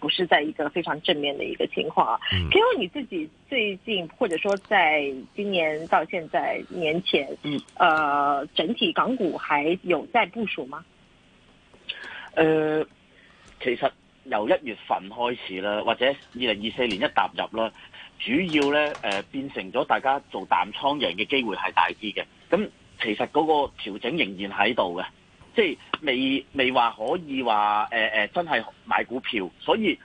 不是在一個非常正面的一個情況啊。K、嗯、你自己最近或者說在今年到現在年前，嗯，呃，整體港股還有在部署嗎？誒、呃，其實由一月份開始啦，或者二零二四年一踏入啦，主要咧誒、呃，變成咗大家做淡倉贏嘅機會係大啲嘅。咁、嗯、其實嗰個調整仍然喺度嘅。即係未未話可以話誒誒真係買股票，所以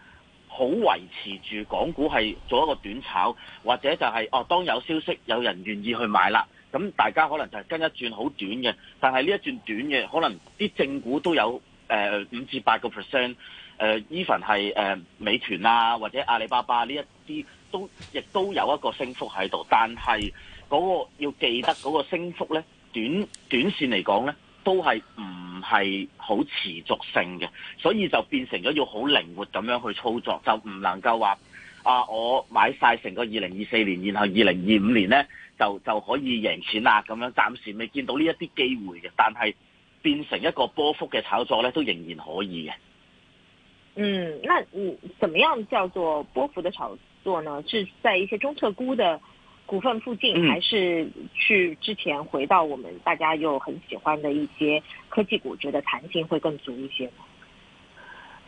好維持住港股係做一個短炒，或者就係、是、哦當有消息有人願意去買啦，咁大家可能就係跟一轉好短嘅。但係呢一轉短嘅，可能啲正股都有誒五、呃呃、至八個 percent，even 係誒美團啊或者阿里巴巴呢一啲都亦都有一個升幅喺度，但係嗰、嗰個要記得嗰個升幅呢，短短線嚟講呢。都係唔係好持續性嘅，所以就變成咗要好靈活咁樣去操作，就唔能夠話啊我買晒成個二零二四年，然後二零二五年呢，就就可以贏錢啦咁樣。暫時未見到呢一啲機會嘅，但係變成一個波幅嘅炒作呢，都仍然可以嘅。嗯，那你怎麼樣叫做波幅嘅炒作呢？是在一些中特估的？股份附近，還是去之前回到我們大家又很喜歡的一些科技股，覺得彈性會更足一些。誒、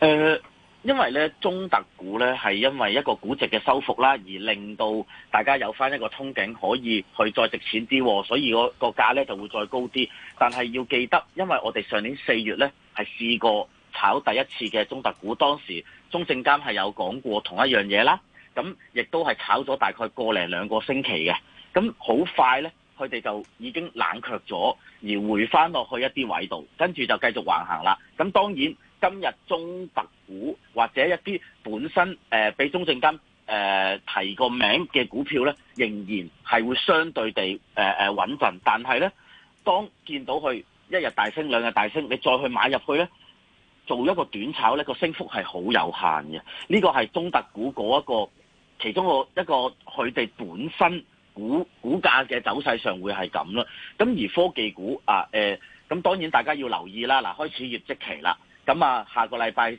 呃，因為咧中特股咧係因為一個估值嘅收復啦，而令到大家有翻一個憧憬可以去再值錢啲、哦，所以個價咧就會再高啲。但係要記得，因為我哋上年四月咧係試過炒第一次嘅中特股，當時中證監係有講過同一樣嘢啦。咁亦都係炒咗大概個零兩個星期嘅，咁好快呢，佢哋就已經冷卻咗，而回翻落去一啲位度，跟住就繼續橫行啦。咁當然今日中特股或者一啲本身誒俾、呃、中證金誒提過名嘅股票呢，仍然係會相對地誒誒穩陣。但係呢，當見到佢一日大升兩日大升，你再去買入去呢，做一個短炒呢，嗰個升幅係好有限嘅。呢、呢個係中特股嗰、嗰、一個。其中個一個佢哋本身股股價嘅走勢上會係咁啦，咁而科技股啊，誒、呃，咁當然大家要留意啦，嗱，開始業績期啦，咁啊，下個禮拜率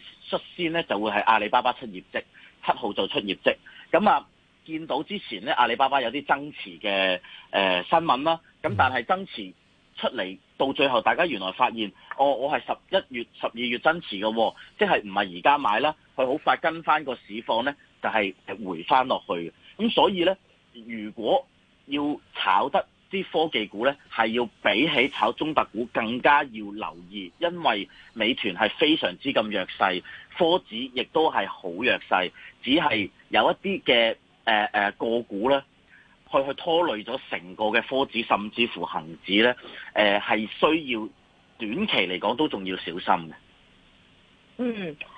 先咧就會係阿里巴巴出業績，七號就出業績，咁啊，見到之前咧阿里巴巴有啲增持嘅誒、呃、新聞啦，咁但係增持出嚟到最後，大家原來發現，哦、我我係十一月、十二月增持嘅喎、哦，即係唔係而家買啦，佢好快跟翻個市況咧。就係、是，回翻落去嘅。咁所以呢，如果要炒得啲科技股呢，係要比起炒中特股更加要留意，因為美團係非常之咁弱勢，科指亦都係好弱勢，只係有一啲嘅、誒誒個股呢，去去拖累咗成個嘅科指，甚至乎恒指呢，誒、呃、係需要短期嚟講都仲要小心嘅。嗯。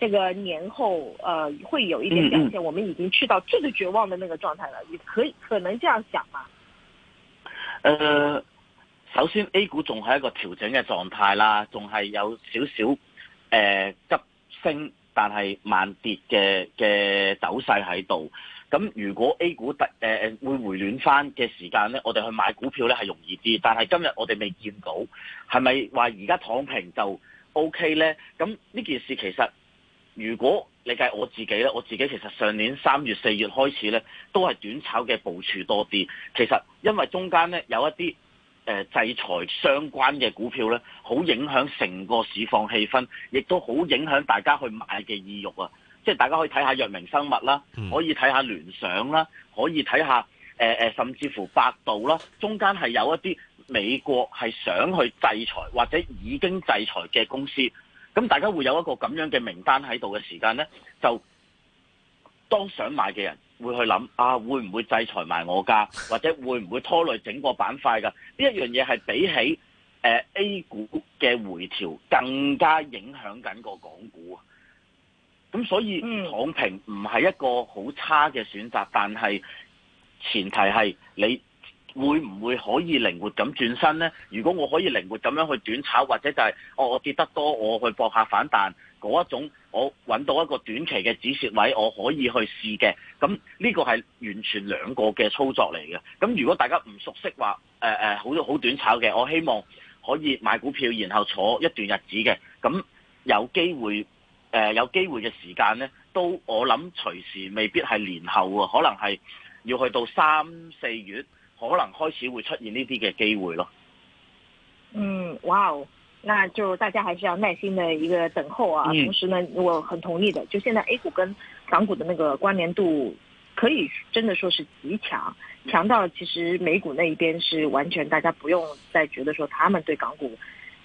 這個年後，呃，會有一點表現。我們已經去到最最絕望的那個狀態了，你可以可能這樣想嗎？呃，首先 A 股仲係一個調整嘅狀態啦，仲係有少少誒急升但係慢跌嘅嘅走勢喺度。咁如果 A 股，呃，會回暖翻嘅時間呢，我哋去買股票呢係容易啲。但係今日我哋未見到，係咪話而家躺平就 OK 呢？咁呢件事其實。如果你計我自己咧，我自己其實上年三月四月開始咧，都係短炒嘅部署多啲。其實因為中間咧有一啲、呃、制裁相關嘅股票咧，好影響成個市況氣氛，亦都好影響大家去買嘅意欲啊。即大家可以睇下藥明生物啦，可以睇下聯想啦，可以睇下、呃、甚至乎百度啦。中間係有一啲美國係想去制裁或者已經制裁嘅公司。咁大家會有一個咁樣嘅名單喺度嘅時間呢，就當想買嘅人會去諗啊，會唔會制裁埋我㗎，或者會唔會拖累整個板塊噶？呢一樣嘢係比起誒、呃、A 股嘅回調更加影響緊個港股啊！咁所以躺平唔係一個好差嘅選擇，嗯、但係前提係你。會唔會可以靈活咁轉身呢？如果我可以靈活咁樣去短炒，或者就係、是、哦，我跌得多，我去搏下反彈嗰一種，我揾到一個短期嘅止蝕位，我可以去試嘅。咁呢個係完全兩個嘅操作嚟嘅。咁如果大家唔熟悉話，誒誒，好、多、好短炒嘅，我希望可以買股票，然後坐一段日子嘅。咁有機會誒、呃，有機會嘅時間呢，都我諗隨時未必係年後喎，可能係要去到三四月。可能開始會出現呢啲嘅機會咯。嗯，哇哦，那就大家還是要耐心的一個等候啊。同時呢，我很同意的，就現在 A 股跟港股的那個關聯度可以真的說是極強，強到其實美股那一邊是完全大家不用再覺得說他們對港股。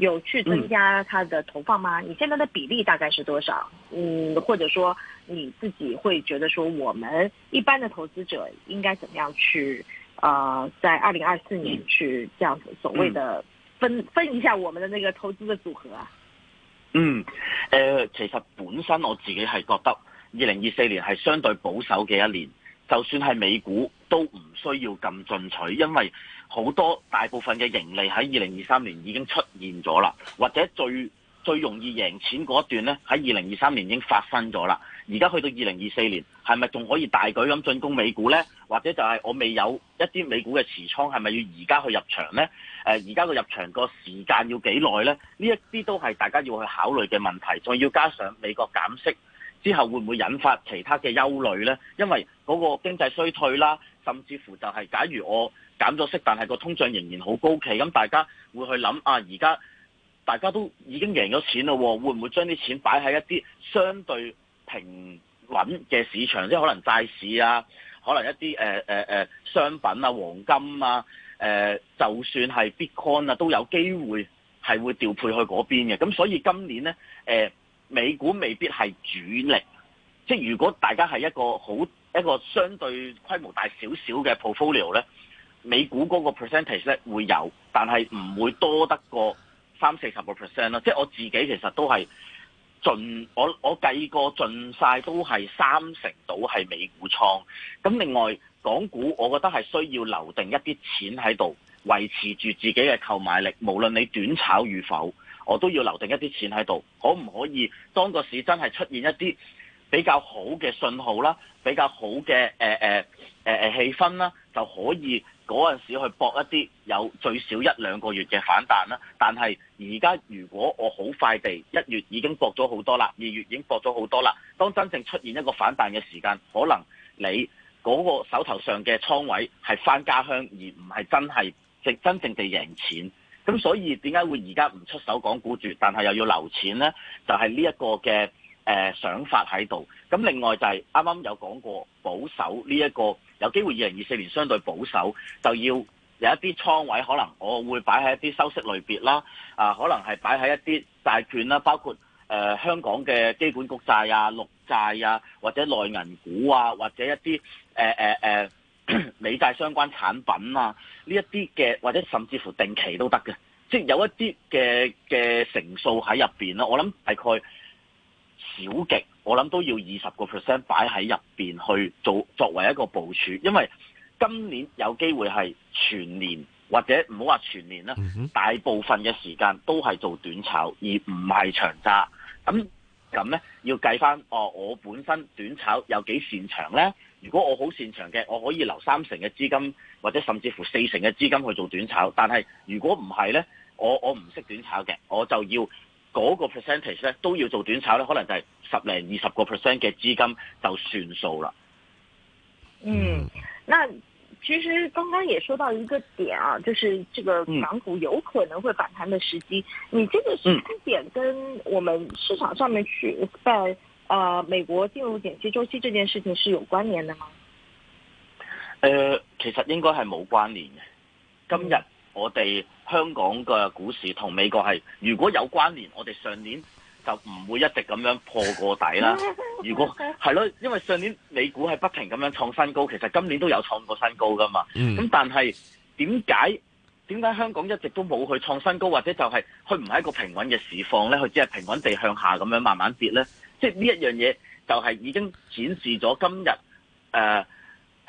有去增加它的投放嗎、嗯？你現在的比例大概是多少？嗯，或者說你自己會覺得說，我們一般的投資者應該怎麼樣去，呃，在二零二四年去這樣子所謂的分、嗯、分,分一下我們的那個投資的組合、啊？嗯，誒、呃，其實本身我自己係覺得二零二四年係相對保守嘅一年，就算係美股都唔需要咁進取，因為。好多大部分嘅盈利喺二零二三年已經出現咗啦，或者最最容易贏錢嗰一段咧喺二零二三年已經發生咗啦。而家去到二零二四年，係咪仲可以大舉咁進攻美股咧？或者就係我未有一啲美股嘅持倉，係咪要而家去入場咧？誒、呃，而家個入場個時間要幾耐咧？呢一啲都係大家要去考慮嘅問題，再要加上美國減息之後會唔會引發其他嘅憂慮咧？因為嗰個經濟衰退啦，甚至乎就係假如我減咗息，但係個通脹仍然好高企。咁大家會去諗啊，而家大家都已經贏咗錢啦，會唔會將啲錢擺喺一啲相對平穩嘅市場，即係可能債市啊，可能一啲誒誒商品啊、黃金啊，呃、就算係 Bitcoin 啊，都有機會係會調配去嗰邊嘅。咁所以今年呢，呃、美股未必係主力。即係如果大家係一個好一個相對規模大少少嘅 portfolio 咧。美股嗰個 percentage 咧會有，但係唔會多得過三四十個 percent 咯。即係我自己其實都係盡我我計過盡曬都係三成到係美股倉。咁另外港股，我覺得係需要留定一啲錢喺度維持住自己嘅購買力，無論你短炒與否，我都要留定一啲錢喺度。可唔可以當個市真係出現一啲比較好嘅信號啦，比較好嘅誒誒氣氛啦，就可以嗰陣時去博一啲有最少一兩個月嘅反彈啦，但係而家如果我好快地一月已經博咗好多啦，二月已經博咗好多啦，當真正出現一個反彈嘅時間，可能你嗰個手頭上嘅倉位係翻家鄉，而唔係真係真正地贏錢。咁所以點解會而家唔出手講股住，但係又要留錢呢？就係呢一個嘅誒想法喺度。咁另外就係啱啱有講過保守呢、這、一個。有機會二零二四年相對保守，就要有一啲倉位，可能我會擺喺一啲收息類別啦，啊，可能係擺喺一啲債券啦，包括、呃、香港嘅基本國債啊、綠債啊，或者內銀股啊，或者一啲、呃呃、美債相關產品啊，呢一啲嘅，或者甚至乎定期都得嘅，即係有一啲嘅嘅成數喺入邊啦，我諗大概小極。我諗都要二十個 percent 擺喺入邊去做，作為一個部署，因為今年有機會係全年或者唔好話全年啦，大部分嘅時間都係做短炒，而唔係長揸。咁咁咧要計翻，哦、啊，我本身短炒有幾擅長咧？如果我好擅長嘅，我可以留三成嘅資金，或者甚至乎四成嘅資金去做短炒。但係如果唔係咧，我我唔識短炒嘅，我就要。嗰個 percentage 咧都要做短炒咧、e elimination of commence rivalry um, uh,，可能就係十零二十個 percent 嘅資金就算數啦。嗯，那其實剛剛也說到一個點啊，就是這個港股有可能會反彈嘅時機。你這個時間點跟我們市場上面去在啊美國進入減息週期這件事情是有關聯的嗎？誒、呃嗯哦呃，其實應該係冇關聯嘅。今日。嗯我哋香港嘅股市同美國係，如果有關聯，我哋上年就唔會一直咁樣破過底啦。如果係咯，因為上年美股係不停咁樣創新高，其實今年都有創過新高噶嘛。咁但係點解點解香港一直都冇去創新高，或者就係佢唔係一個平穩嘅市況咧？佢只係平穩地向下咁樣慢慢跌咧。即係呢一樣嘢就係已經展示咗今日誒。呃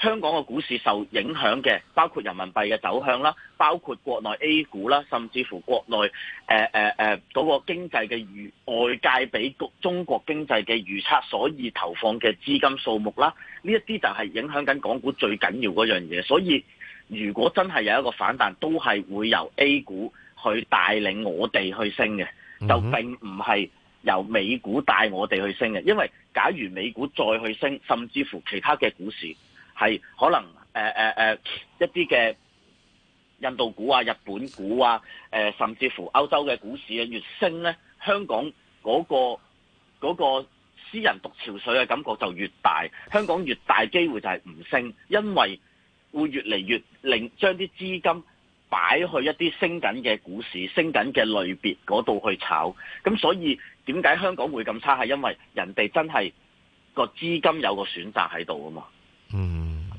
香港嘅股市受影響嘅，包括人民幣嘅走向啦，包括國內 A 股啦，甚至乎國內誒誒誒嗰個經濟嘅預外界俾中國經濟嘅預測，所以投放嘅資金數目啦，呢一啲就係影響緊港股最緊要嗰樣嘢。所以如果真係有一個反彈，都係會由 A 股去帶領我哋去升嘅，就並唔係由美股帶我哋去升嘅。因為假如美股再去升，甚至乎其他嘅股市。係可能誒誒誒一啲嘅印度股啊、日本股啊、誒、呃、甚至乎歐洲嘅股市啊越升咧，香港嗰個嗰個私人獨潮水嘅感覺就越大，香港越大機會就係唔升，因為會越嚟越令將啲資金擺去一啲升緊嘅股市、升緊嘅類別嗰度去炒，咁所以點解香港會咁差？係因為人哋真係個資金有個選擇喺度啊嘛，嗯。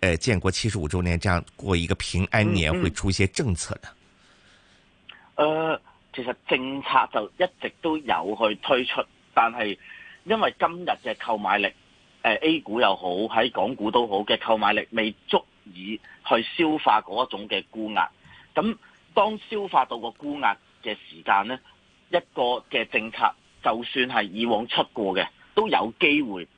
誒、呃，建國七十五周年，這樣過一個平安年，會出一些政策咧。誒、嗯嗯呃，其實政策就一直都有去推出，但係因為今日嘅購買力，誒、呃、A 股又好，喺港股都好嘅購買力未足以去消化嗰種嘅估壓。咁當消化到個估壓嘅時間，呢一個嘅政策就算係以往出過嘅，都有機會。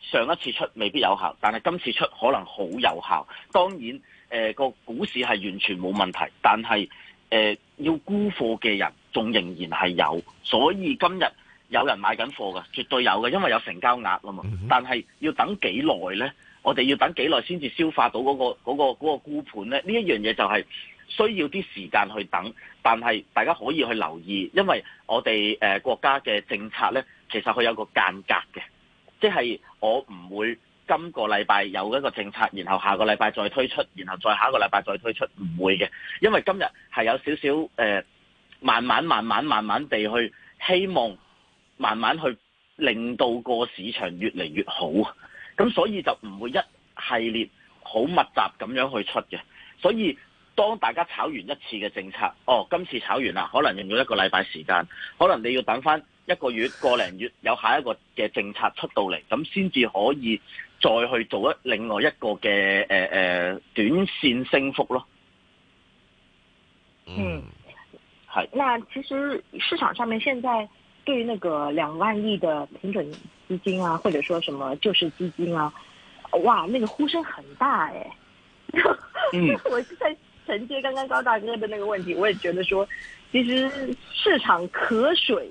上一次出未必有效，但係今次出可能好有效。當然，誒，個股市係完全冇問題，但係誒，要沽貨嘅人仲仍然係有，所以今日有人買緊貨嘅，絕對有嘅，因為有成交額啊嘛。但係要等幾耐咧？我哋要等幾耐先至消化到嗰個、嗰個、嗰個沽盤咧？呢一樣嘢就係需要啲時間去等，但係大家可以去留意，因為我哋誒，國家嘅政策咧，其實佢有個間隔嘅。即係我唔會今個禮拜有一個政策，然後下個禮拜再推出，然後再下個禮拜再推出，唔會嘅，因為今日係有少少誒，慢慢慢慢慢慢地去希望慢慢去令到個市場越嚟越好。咁所以就唔會一系列好密集咁樣去出嘅，所以當大家炒完一次嘅政策，哦，今次炒完啦，可能用咗一個禮拜時間，可能你要等翻，一個月、個零月有下一個嘅政策出到嚟，咁先至可以再去做一另外一個嘅誒誒短線升幅咯。嗯，係。那其實市場上面現在對於那個兩萬億的平準基金啊，或者說什麼救市基金啊，哇，那個呼聲很大誒、欸。嗯 我在承接剛剛高大哥嘅那個問題，我也覺得說，其實市場渴水。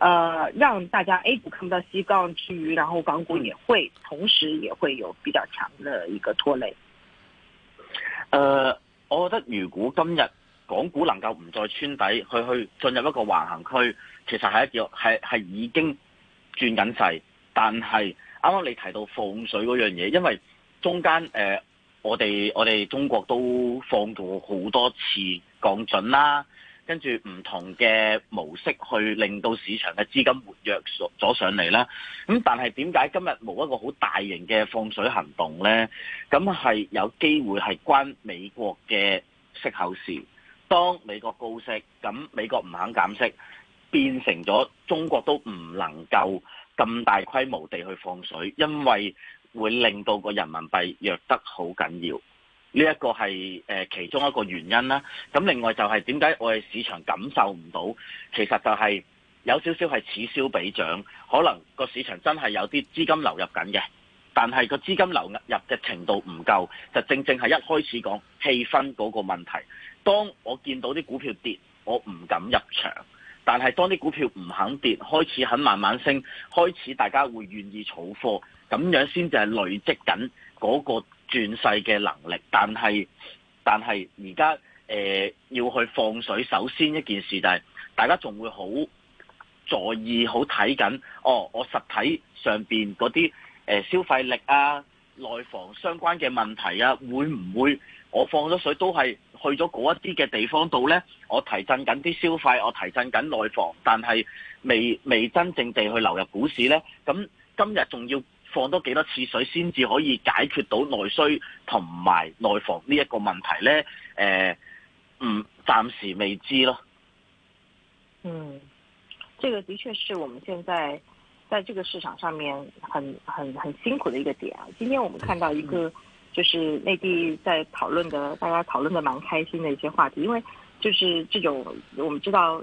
呃，讓大家 A 股，欸，看不到西股區域，然後港股也會同時也會有比較強的一個拖累。誒，嗯呃，我覺得如果今日港股能夠唔再穿底，去去進入一個橫行區，其實係一叫係係已經轉緊勢。但係啱啱你提到放水嗰樣嘢，因為中間，誒，呃，我哋我哋中國都放過好多次，降準啦。跟住唔同嘅模式去令到市場嘅資金活躍咗上嚟啦。咁但係點解今日冇一個好大型嘅放水行動咧？咁係有機會係關美國嘅息口事。當美國高息，咁美國唔肯減息，變成咗中國都唔能夠咁大規模地去放水，因為會令到個人民幣弱得好緊要。呢、這、一個係誒其中一個原因啦。咁另外就係點解我哋市場感受唔到，其實就係有少少係此消彼長，可能個市場真係有啲資金流入緊嘅，但係個資金流入嘅程度唔夠，就正正係一開始講氣氛嗰個問題。當我見到啲股票跌，我唔敢入場，但係當啲股票唔肯跌，開始肯慢慢升，開始大家會願意儲貨，咁樣先至係累積緊、嗰個轉勢嘅能力，但係但係而家誒要去放水，首先一件事就係大家仲會好在意，好睇緊哦，我實體上面嗰啲消費力啊、內房相關嘅問題啊，會唔會我放咗水都係去咗嗰一啲嘅地方度呢？我提振緊啲消費，我提振緊內房，但係未未真正地去流入股市呢。咁今日仲要。放多幾多次水先至可以解決到內需同埋內防呢一個問題呢？誒、呃，唔暫時未知咯。嗯，這個的確是我們現在在這個市場上面很、很、很辛苦的一個點。啊，今天我們看到一個，就是內地在討論的、嗯，大家討論的蠻開心的一些話題，因為就是這種我們知道。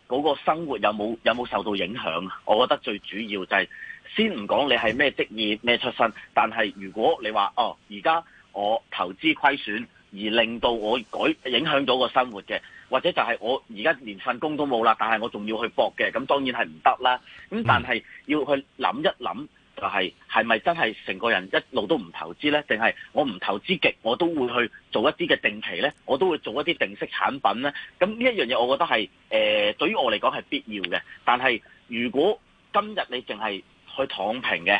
嗰個生活有冇有冇受到影響啊？我覺得最主要就係先唔講你係咩職業咩出身，但係如果你話哦，而家我投資虧損而令到我改影響到個生活嘅，或者就係我而家連份工都冇啦，但係我仲要去搏嘅，咁當然係唔得啦。咁但係要去諗一諗。就係係咪真係成個人一路都唔投資呢？定係我唔投資極，我都會去做一啲嘅定期呢？我都會做一啲定息產品呢。咁呢一樣嘢，我覺得係誒、呃、對於我嚟講係必要嘅。但係如果今日你淨係去躺平嘅，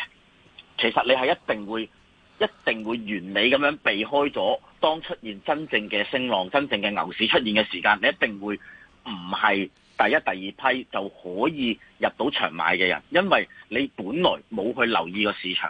其實你係一定會一定會完美咁樣避開咗當出現真正嘅升浪、真正嘅牛市出現嘅時間，你一定會唔係。第一第二批就可以入到場買嘅人，因為你本來冇去留意個市場，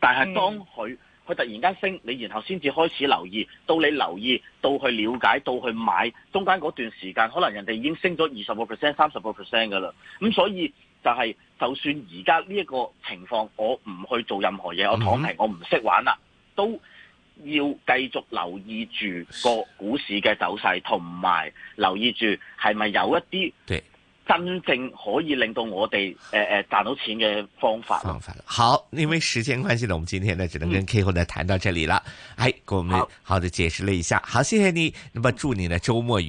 但係當佢佢突然間升，你然後先至開始留意，到你留意到去了解到去買，中間嗰段時間，可能人哋已經升咗二十個 percent、三十個 percent 噶啦。咁所以就係就算而家呢一個情況，我唔去做任何嘢，我躺平，我唔識玩啦，都。要繼續留意住個股市嘅走勢，同埋留意住係咪有一啲真正可以令到我哋誒誒賺到錢嘅方法。方法好，因為時間關係呢，我們今天呢只能跟 K Ho、嗯、呢談到這裏啦。係、哎，跟我們好的解釋了一下，好，好謝謝你。那麼祝你呢周末愉快。嗯